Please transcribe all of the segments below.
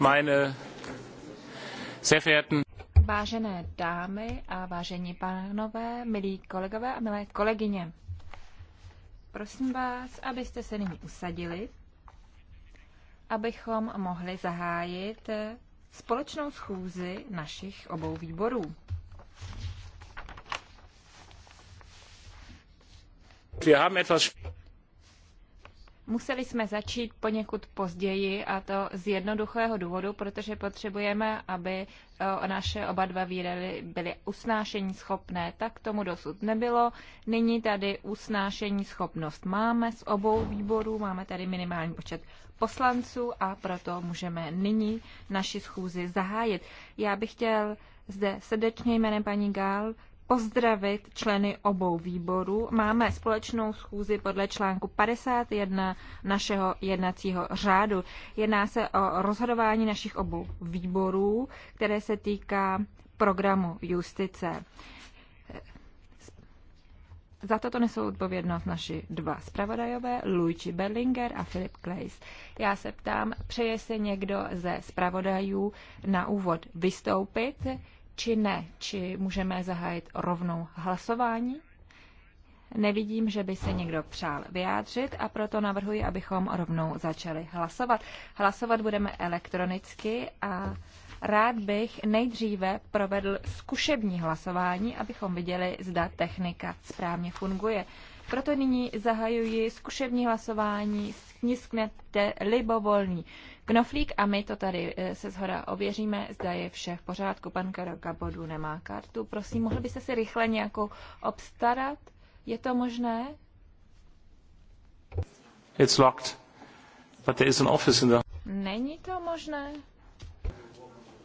meine sehr verehrten Vážené dámy a vážení pánové, milí kolegové a milé kolegyně, prosím vás, abyste se nyní usadili, abychom mohli zahájit společnou schůzi našich obou výborů. Wir haben etwas Museli jsme začít poněkud později a to z jednoduchého důvodu, protože potřebujeme, aby e, naše oba dva výdaly byly usnášení schopné. Tak tomu dosud nebylo. Nyní tady usnášení schopnost máme z obou výborů, máme tady minimální počet poslanců a proto můžeme nyní naši schůzi zahájit. Já bych chtěl zde srdečně jménem paní Gál pozdravit členy obou výborů. Máme společnou schůzi podle článku 51 našeho jednacího řádu. Jedná se o rozhodování našich obou výborů, které se týká programu justice. Za toto nesou odpovědnost naši dva zpravodajové, Luigi Berlinger a Filip Kleis. Já se ptám, přeje se někdo ze zpravodajů na úvod vystoupit? či ne? Či můžeme zahájit rovnou hlasování? Nevidím, že by se někdo přál vyjádřit a proto navrhuji, abychom rovnou začali hlasovat. Hlasovat budeme elektronicky a rád bych nejdříve provedl zkušební hlasování, abychom viděli, zda technika správně funguje. Proto nyní zahajuji zkušební hlasování, stisknete libovolný knoflík a my to tady e, se zhora ověříme, zda je vše v pořádku. Pan Karoka bodu nemá kartu. Prosím, mohl byste si rychle nějakou obstarat? Je to možné? It's locked. But there is an office in the... Není to možné.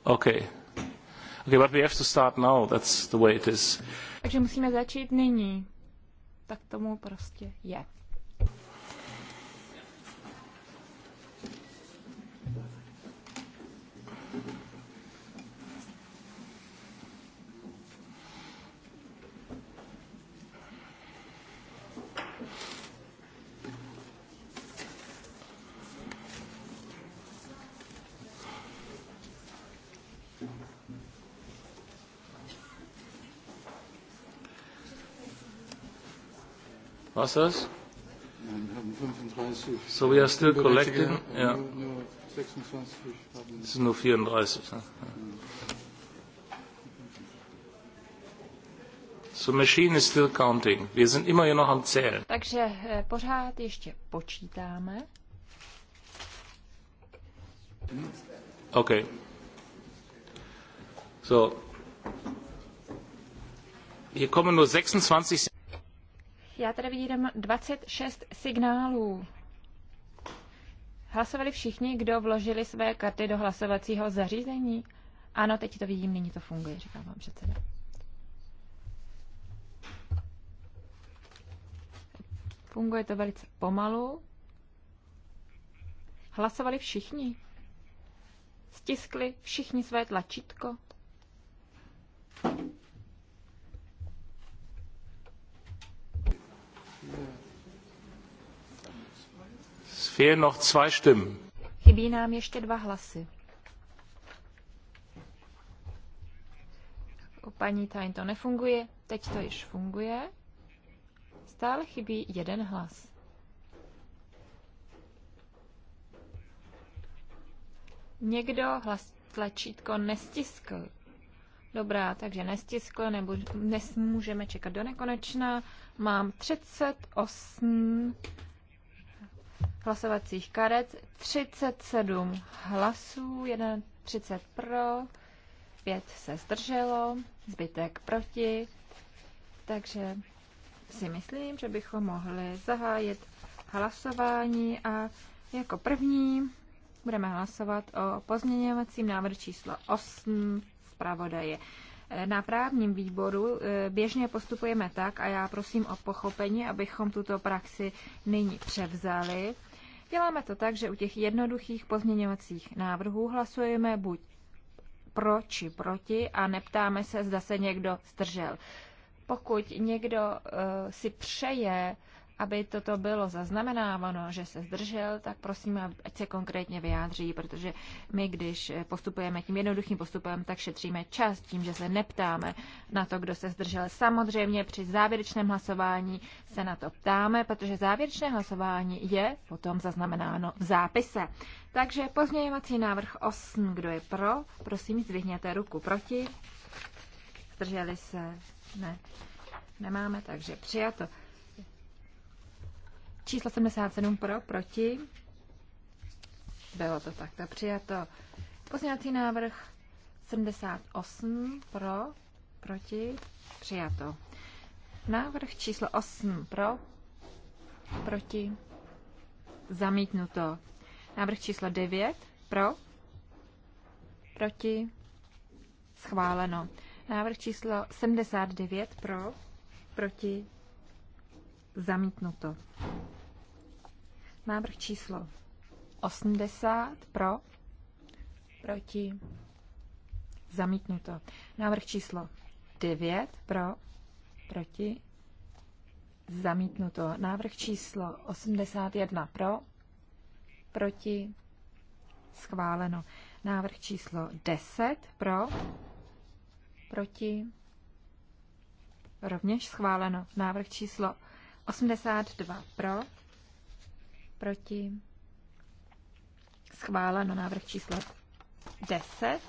Okay. Okay, but we have to start now. That's the way it is. Takže musíme začít nyní tak tomu prostě je. Was ist das? So, we are still collecting. Äh, ja. Es sind nur 34. Ne? So machine is still counting. Wir sind immer hier noch am Zählen. Takže eh, pořád ještě počítáme. Okay. So. Hier kommen nur 26. Já tady vidím 26 signálů. Hlasovali všichni, kdo vložili své karty do hlasovacího zařízení? Ano, teď to vidím, nyní to funguje, říká vám předseda. Funguje to velice pomalu. Hlasovali všichni. Stiskli všichni své tlačítko. fehlen noch zwei Stimmen. Chybí nám ještě dva hlasy. U paní Tain to nefunguje, teď to již funguje. Stále chybí jeden hlas. Někdo hlas tlačítko nestiskl. Dobrá, takže nestiskl, nebo nesmůžeme čekat do nekonečna. Mám 38 hlasovacích karet, 37 hlasů, 1, 30 pro, 5 se zdrželo, zbytek proti. Takže si myslím, že bychom mohli zahájit hlasování a jako první budeme hlasovat o pozměňovacím návrhu číslo 8 zpravodaje. Na právním výboru e, běžně postupujeme tak a já prosím o pochopení, abychom tuto praxi nyní převzali. Děláme to tak, že u těch jednoduchých pozměňovacích návrhů hlasujeme buď pro či proti a neptáme se, zda se někdo zdržel. Pokud někdo uh, si přeje aby toto bylo zaznamenáváno, že se zdržel, tak prosím, ať se konkrétně vyjádří, protože my, když postupujeme tím jednoduchým postupem, tak šetříme čas tím, že se neptáme na to, kdo se zdržel. Samozřejmě při závěrečném hlasování se na to ptáme, protože závěrečné hlasování je potom zaznamenáno v zápise. Takže pozměňovací návrh 8, kdo je pro, prosím, zvihněte ruku proti. Zdrželi se? Ne. Nemáme, takže přijato. Číslo 77 pro, proti. Bylo to takto přijato. Pozměňovací návrh 78 pro, proti, přijato. Návrh číslo 8 pro, proti, zamítnuto. Návrh číslo 9 pro, proti, schváleno. Návrh číslo 79 pro, proti, zamítnuto. Návrh číslo 80 pro, proti, zamítnuto. Návrh číslo 9 pro, proti, zamítnuto. Návrh číslo 81 pro, proti, schváleno. Návrh číslo 10 pro, proti, rovněž schváleno. Návrh číslo 82 pro, Proti? Schváleno. Návrh číslo 10.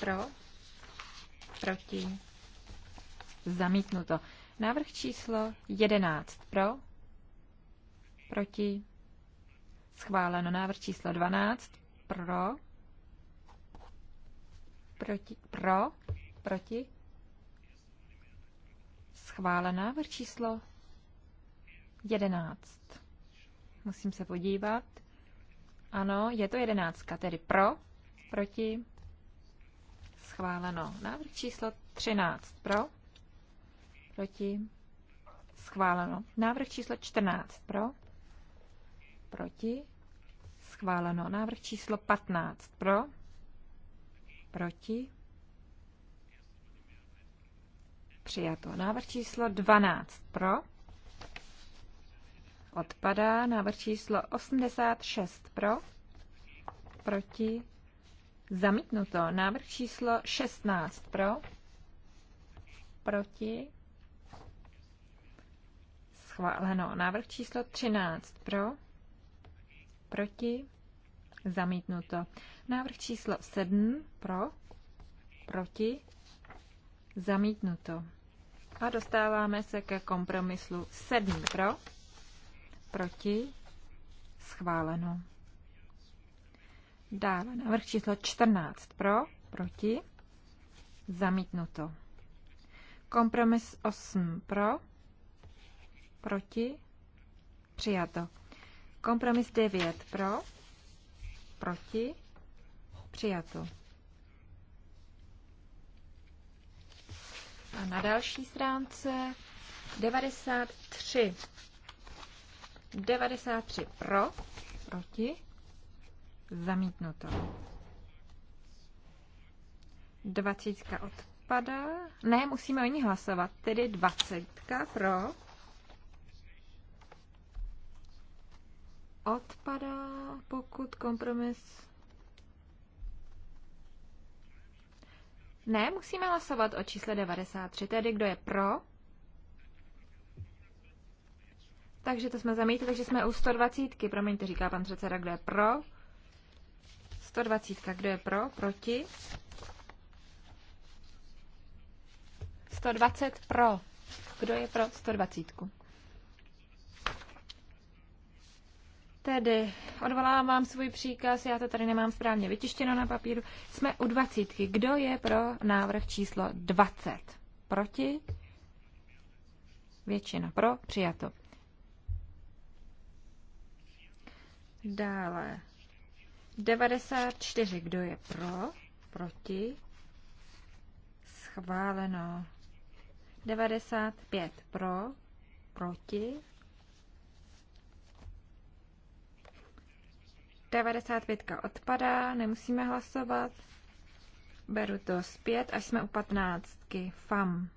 Pro? Proti? Zamítnuto. Návrh číslo 11. Pro? Proti? Schváleno. Návrh číslo 12. Pro? Proti? Pro? Proti? Schválen návrh číslo 11. Musím se podívat. Ano, je to jedenáctka, tedy pro, proti, schváleno. Návrh číslo 13 pro, proti, schváleno. Návrh číslo 14 pro, proti, schváleno. Návrh číslo 15 pro, proti, přijato. Návrh číslo 12 pro, odpadá. Návrh číslo 86 pro, proti, zamítnuto. Návrh číslo 16 pro, proti, schváleno. Návrh číslo 13 pro, proti, zamítnuto. Návrh číslo 7 pro, proti, zamítnuto. A dostáváme se ke kompromisu 7 pro, proti, schváleno. Dále návrh číslo 14 pro, proti, zamítnuto. Kompromis 8 pro, proti, přijato. Kompromis 9 pro, proti, přijato. A na další stránce 93 93 pro, proti, zamítnuto. 20 odpadá. Ne, musíme o ní hlasovat. Tedy 20 pro. Odpadá, pokud kompromis. Ne, musíme hlasovat o čísle 93. Tedy kdo je pro? Takže to jsme zamítli, takže jsme u 120. Promiňte, říká pan předseda, kdo je pro. 120. Kdo je pro? Proti? 120 pro. Kdo je pro 120? Tedy odvolávám svůj příkaz, já to tady nemám správně vytištěno na papíru. Jsme u 20. Kdo je pro návrh číslo 20? Proti? Většina pro, přijato. Dále 94, kdo je pro, proti, schváleno. 95 pro, proti. 95 odpadá, nemusíme hlasovat. Beru to zpět, až jsme u 15. FAM.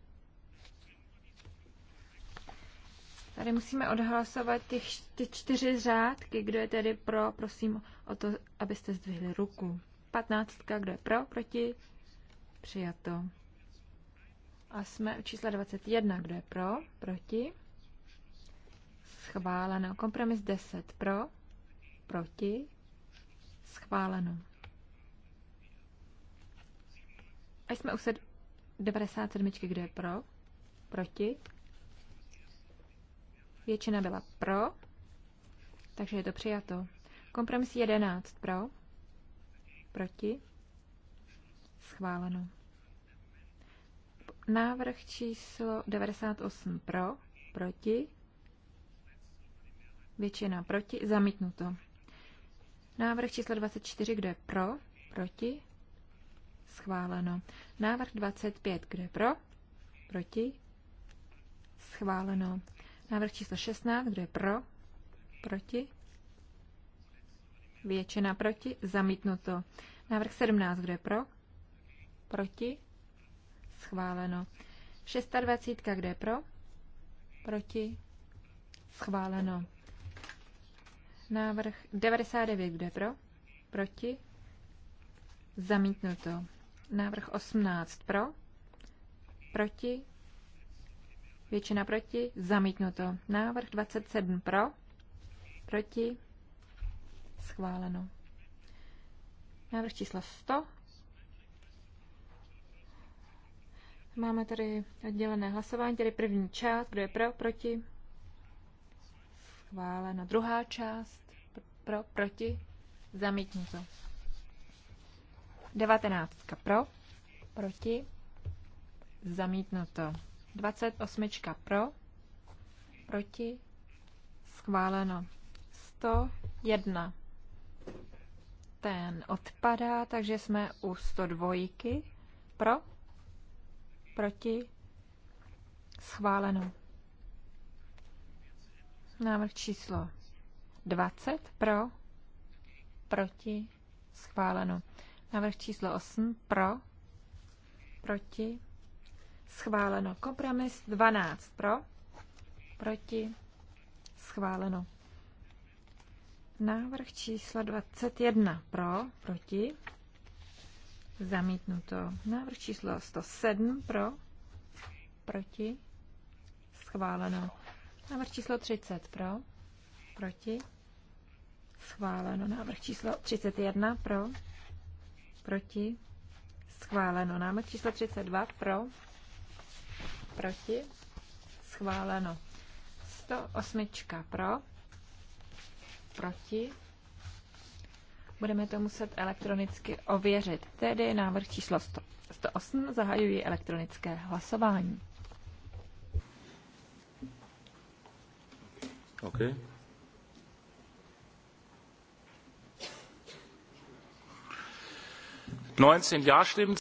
Tady musíme odhlasovat těch, ty čtyři řádky, kdo je tedy pro, prosím o to, abyste zdvihli ruku. Patnáctka, kdo je pro, proti, přijato. A jsme u čísla 21, kdo je pro, proti, schváleno. Kompromis 10, pro, proti, schváleno. A jsme u 97, kdo je pro, proti, Většina byla pro, takže je to přijato. Kompromis 11 pro, proti, schváleno. Návrh číslo 98 pro, proti, většina proti, zamítnuto. Návrh číslo 24, kde pro, proti, schváleno. Návrh 25, kde pro, proti, schváleno. Návrh číslo 16, kdo je pro? Proti? Většina proti, zamítnuto. Návrh 17, kdo je pro? Proti? Schváleno. 26, kdo je pro? Proti? Schváleno. Návrh 99, kdo je pro? Proti? Zamítnuto. Návrh 18 pro? Proti? Většina proti. Zamítnuto. Návrh 27 pro. Proti. Schváleno. Návrh číslo 100. Máme tady oddělené hlasování, tedy první část, kdo je pro, proti. Schváleno. Druhá část, pro, proti. Zamítnuto. 19 pro, proti. Zamítnuto. 28 pro, proti, schváleno. 101. Ten odpadá, takže jsme u 102 pro, proti, schváleno. Návrh číslo 20 pro, proti, schváleno. Návrh číslo 8 pro, proti, Schváleno. Kompromis 12 pro. Proti. Schváleno. Návrh číslo 21 pro. Proti. Zamítnuto. Návrh číslo 107 pro. Proti. Schváleno. Návrh číslo 30 pro. Proti. Schváleno. Návrh číslo 31 pro. Proti. Schváleno. Návrh číslo 32 pro proti, schváleno. 108 pro, proti, budeme to muset elektronicky ověřit, tedy návrh číslo 100. 108 zahajují elektronické hlasování. OK. Neunzehn Ja-Stimmen.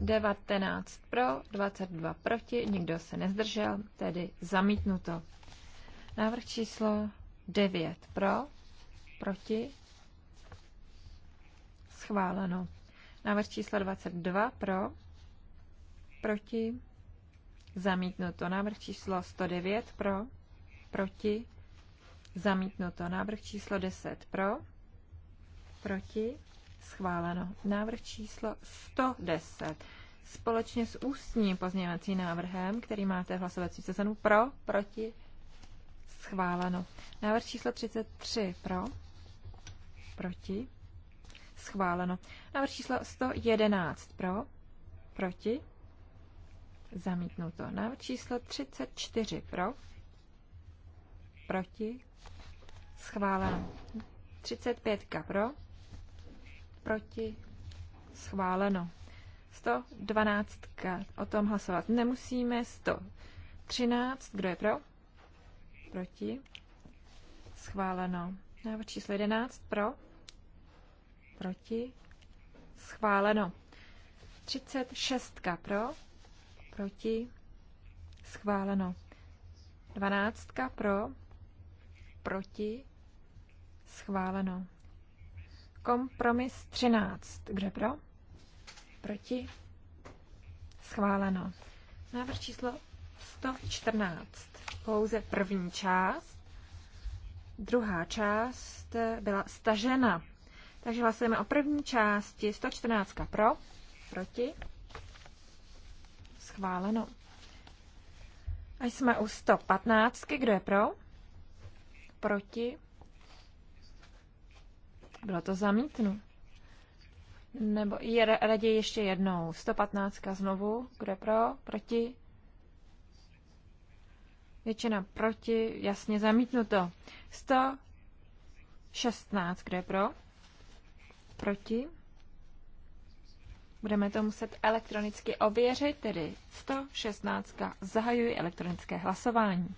19 pro, 22 proti, nikdo se nezdržel, tedy zamítnuto. Návrh číslo 9 pro, proti, schváleno. Návrh číslo 22 pro, proti, zamítnuto. Návrh číslo 109 pro, proti, zamítnuto. Návrh číslo 10 pro, proti, Schváleno. Návrh číslo 110. Společně s ústním pozměňovacím návrhem, který máte v hlasovací sezonu pro, proti, schváleno. Návrh číslo 33 pro, proti, schváleno. Návrh číslo 111 pro, proti, zamítnuto. Návrh číslo 34 pro, proti, schváleno. 35 pro, proti, schváleno. 112. O tom hlasovat nemusíme. 113. Kdo je pro? Proti. Schváleno. Návrh číslo 11. Pro. Proti. Schváleno. 36. Pro. Proti. Schváleno. 12. Pro. Proti. Schváleno. Kompromis 13. Kdo pro? Proti? Schváleno. Návrh číslo 114. Pouze první část. Druhá část byla stažena. Takže hlasujeme o první části 114 pro, proti, schváleno. A jsme u 115, kdo je pro, proti, bylo to zamítnu. Nebo je raději ještě jednou. 115 znovu. Kdo pro? Proti? Většina proti. Jasně zamítnuto. 116. Kdo je pro? Proti? Budeme to muset elektronicky ověřit, tedy 116. Zahajuji elektronické hlasování.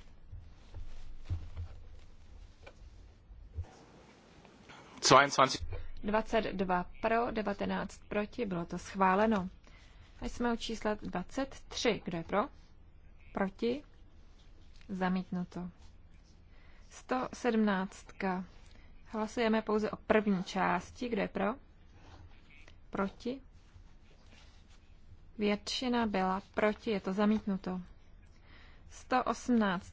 22. 22 pro, 19 proti, bylo to schváleno. A jsme u čísla 23. Kdo je pro? Proti? Zamítnuto. 117. Hlasujeme pouze o první části. Kdo je pro? Proti? Většina byla proti, je to zamítnuto. 118.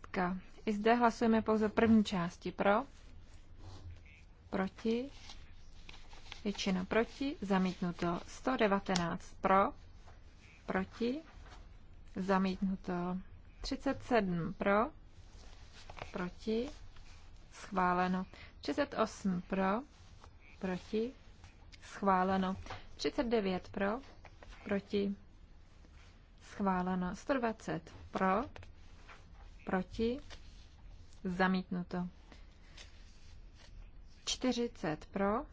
I zde hlasujeme pouze o první části. Pro? proti, většina proti, zamítnuto 119 pro, proti, zamítnuto 37 pro, proti, schváleno 38 pro, proti, schváleno 39 pro, proti, schváleno 120 pro, proti, zamítnuto 40 pro,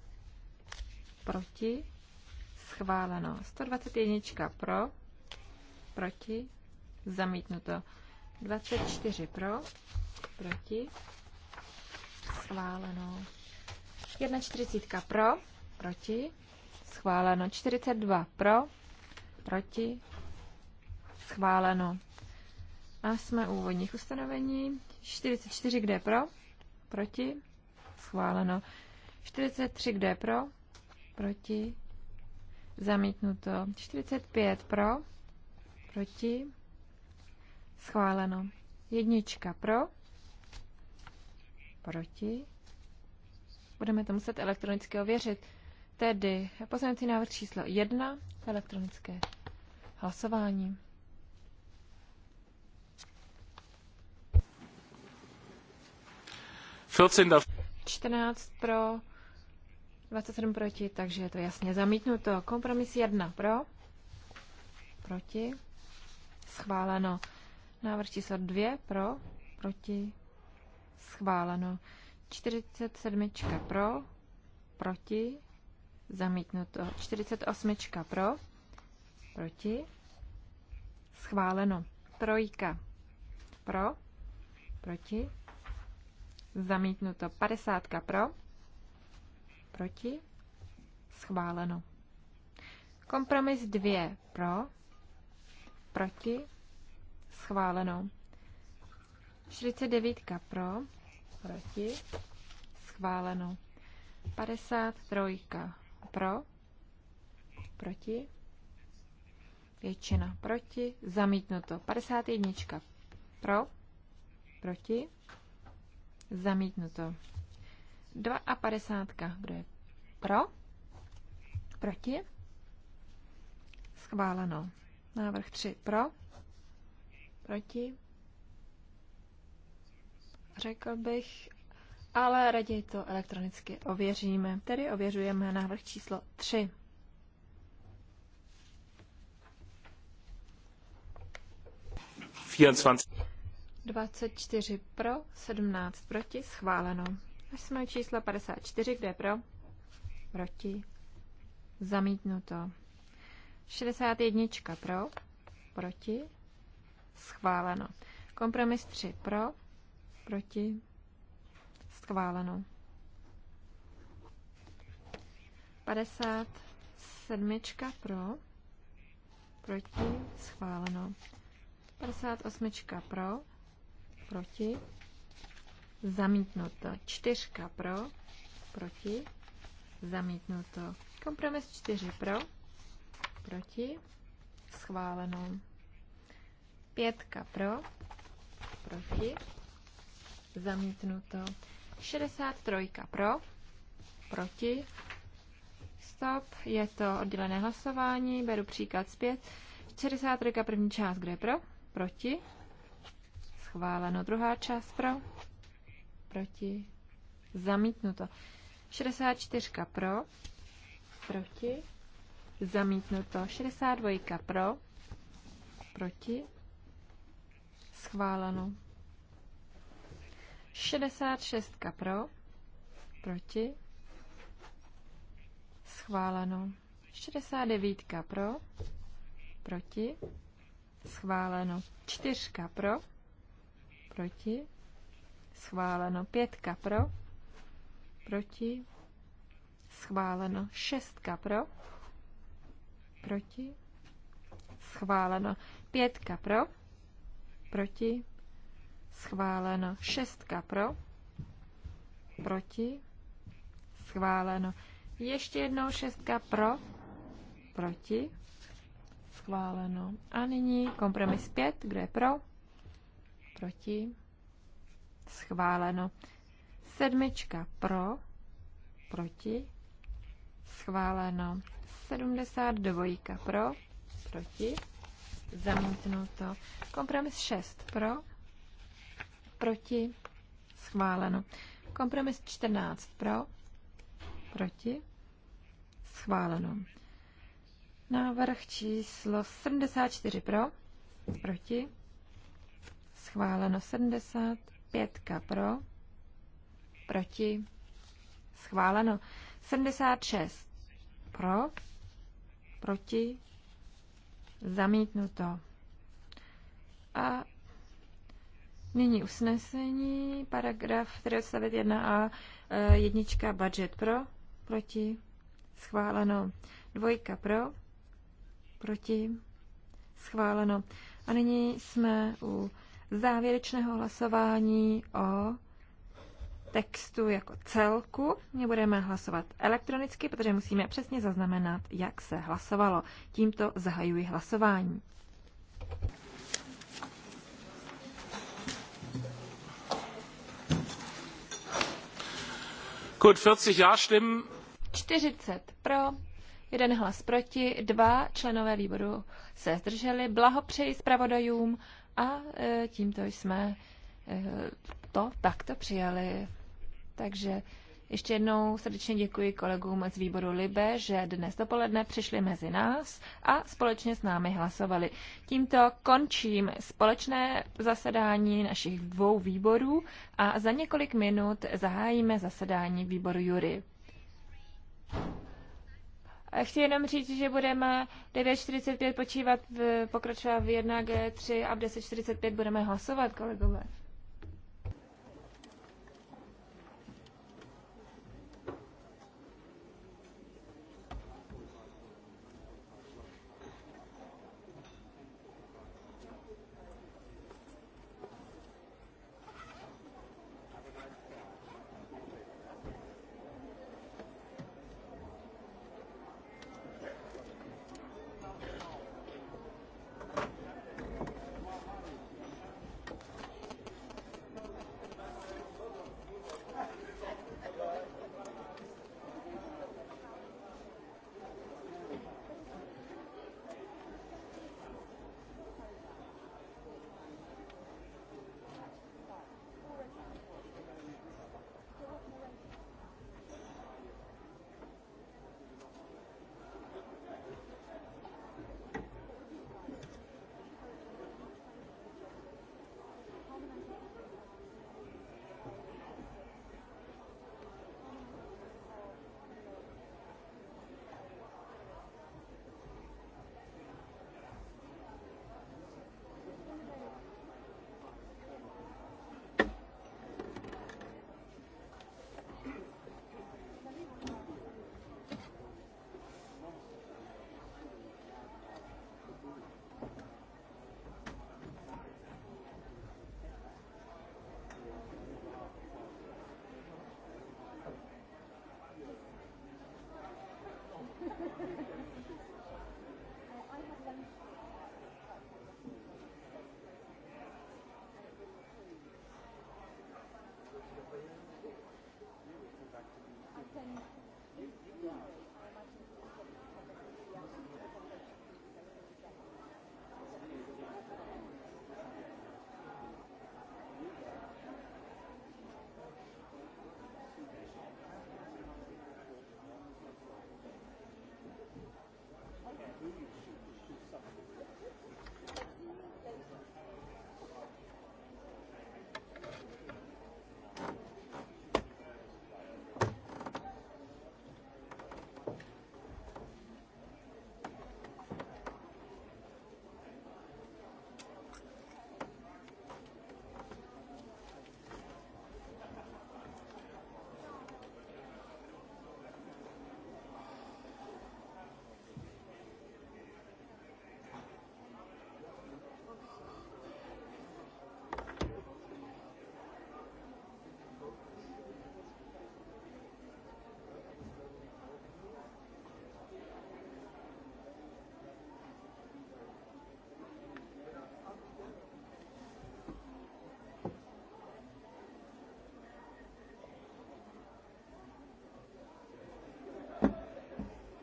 proti, schváleno. 121 pro, proti, zamítnuto. 24 pro, proti, schváleno. 41 pro, proti, schváleno. 42 pro, proti, schváleno. A jsme u úvodních ustanovení. 44 kde pro, proti, schváleno. 43, kdo je pro? Proti? Zamítnuto. 45 pro? Proti? Schváleno. Jednička pro? Proti? Budeme to muset elektronicky ověřit. Tedy poslanecí návrh číslo 1, elektronické hlasování. 14 pro, 27 proti, takže je to jasně zamítnuto. Kompromis 1 pro, proti, schváleno. Návrh číslo 2 pro, proti, schváleno. 47 pro, proti, zamítnuto. 48 pro, proti, schváleno. Trojka pro, proti, Zamítnuto. 50 pro. Proti. Schváleno. Kompromis 2 pro. Proti. Schváleno. 49 pro. Proti. Schváleno. 53 pro. Proti. Většina proti. Zamítnuto. 51 pro. Proti. Zamítnuto. 52. Kdo je pro? Proti? Schváleno. Návrh 3. Pro? Proti? Řekl bych, ale raději to elektronicky ověříme. Tedy ověřujeme návrh číslo 3. 24 pro, 17 proti, schváleno. Až jsme číslo 54, kde je pro? Proti. Zamítnuto. 61 pro, proti, schváleno. Kompromis 3 pro, proti, schváleno. 57 pro, proti, schváleno. 58 pro, proti, zamítnuto. Čtyřka pro, proti, zamítnuto. Kompromis čtyři pro, proti, schváleno. Pětka pro, proti, zamítnuto. 63 pro, proti, stop, je to oddělené hlasování, beru příklad zpět. 63 první část, kdo je pro, proti, schváleno. Druhá část pro, proti, zamítnuto. 64 pro, proti, zamítnuto. 62 pro, proti, schváleno. 66 pro, proti, schváleno. 69 pro, proti, schváleno. Čtyřka pro, proti, schváleno pětka pro, proti, schváleno šestka pro, proti, schváleno pětka pro, proti, schváleno šestka pro, proti, schváleno ještě jednou šestka pro, proti, schváleno. A nyní kompromis 5, kde je pro, proti, schváleno. Sedmička pro, proti, schváleno. 72 pro, proti, zamítnuto. Kompromis 6 pro, proti, schváleno. Kompromis 14 pro, proti, schváleno. Návrh číslo 74 pro, proti, schváleno 75 pro, proti, schváleno 76 pro, proti, zamítnuto. A nyní usnesení, paragraf 3 a e, jednička budget pro, proti, schváleno, dvojka pro, proti, schváleno. A nyní jsme u závěrečného hlasování o textu jako celku. My budeme hlasovat elektronicky, protože musíme přesně zaznamenat, jak se hlasovalo. Tímto zahajuji hlasování. Gut, 40 ja stimmen. 40 pro, jeden hlas proti, dva členové výboru se zdrželi. Blahopřeji zpravodajům a e, tímto jsme e, to takto přijali. Takže ještě jednou srdečně děkuji kolegům z výboru Libe, že dnes dopoledne přišli mezi nás a společně s námi hlasovali. Tímto končím společné zasedání našich dvou výborů a za několik minut zahájíme zasedání výboru Jury. Chci jenom říct, že budeme 9.45 počívat, v, pokračovat v 1G3 a v 10.45 budeme hlasovat, kolegové.